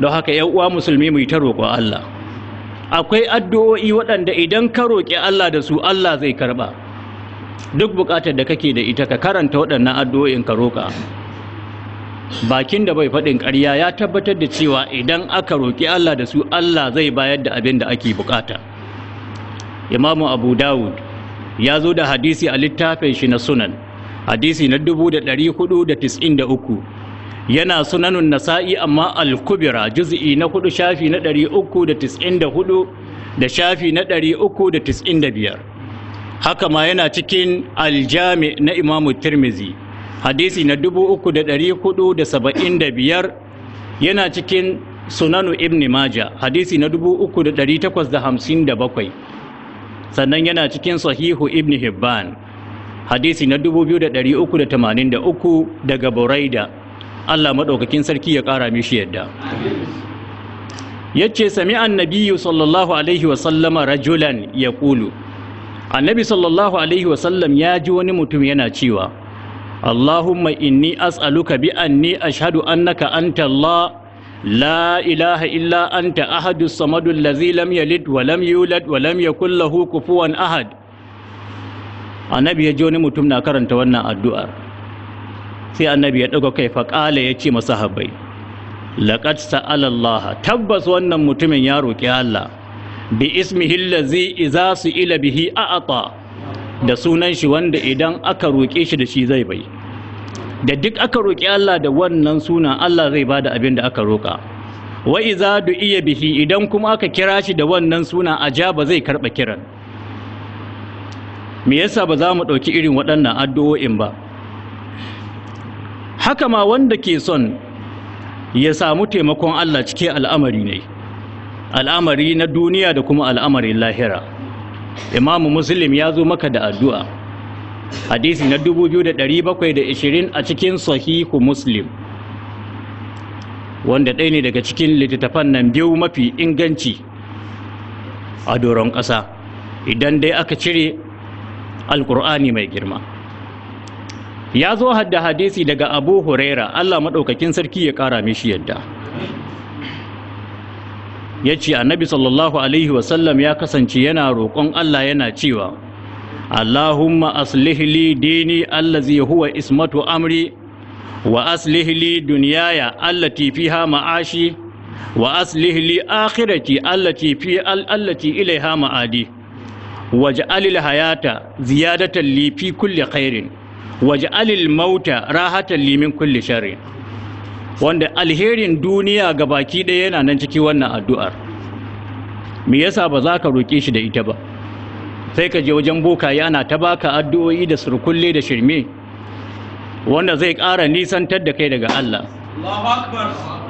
don haka yan uwa musulmi mu yi ta roƙon Allah akwai addu'o'i waɗanda idan ka roƙi Allah da su Allah zai karɓa duk buƙatar da kake da ita ka karanta waɗannan addu'o'in ka roƙa bakin da bai faɗin ƙarya ya tabbatar da cewa idan aka roƙi Allah da su Allah zai bayar da abin da ake buƙata imamu abu dawud ya zo da hadisi a littafin shi na sunan hadisi na uku. yana sunanun nasa'i amma al-kubira juz'i na hudu shafi na 394 da shafi na 395 haka ma yana cikin aljami na imamu tirmizi hadisi na 3475 yana cikin sunanu ibn maja hadisi na 3857 sannan yana cikin sahihu ibn hibban hadisi na 2383 daga buraida Allah maɗaukakin sarki ya ƙara mishi yadda yace sami annabiyu sallallahu alaihi sallama rajulan ya ƙulu annabi sallallahu alaihi sallam ya ji wani mutum yana cewa Allahumma inni as'aluka bi anni ashadu annaka anta Allah la ilaha illa anta ahadu samadu allazi lam yalid yulad wa lam yakul lahu kufuwan ahad annabi ya ji wani mutum na karanta wannan addu'ar sai annabi ya ɗaga kai faƙala ya ce haɓai. laƙad sa’alallah tabbas wannan mutumin ya roƙi Allah bi hilla zai iza su ila bihi aƙa da sunan shi wanda idan aka roƙe shi da shi zai bai da duk aka roƙi Allah da wannan suna Allah zai bada abin da aka roƙa wa iza iya bihi idan kuma aka kira shi da wannan suna a ja ba zai karɓa kiran me yasa ba za mu ɗauki irin waɗannan addu'o'in ba haka ma wanda ke son ya samu taimakon Allah cike al'amari ne al'amari na duniya da kuma al'amari lahira imamu muslim ya zo maka da addu'a hadisi na 2720 a cikin sahihu muslim wanda ɗaya ne daga cikin littattafan nan biyu mafi inganci a doron ƙasa idan dai aka cire Alƙur'ani mai girma ya zo hadda hadisi daga abu huraira allah maɗaukakin sarki ya ƙara mishi yadda ya ce annabi sallallahu alaihi wasallam ya kasance yana roƙon allah yana cewa allahumma aslih li dini allazi huwa ismatu amri wa aslih li allati fiha ma'ashi wa aslih li akhirati allati fi allati ilaiha ma'adi waj'al hayata ziyadatan li fi kulli khairin waj'alil mauta rahatan limin kulli sharri wanda alherin duniya ga baki ɗaya yana nan ciki wannan addu'ar me yasa ba za ka roƙe shi da ita ba sai ka je wajen boka yana ta baka addu'o'i da surkulle da shirme wanda zai ƙara nisantar da kai daga Allah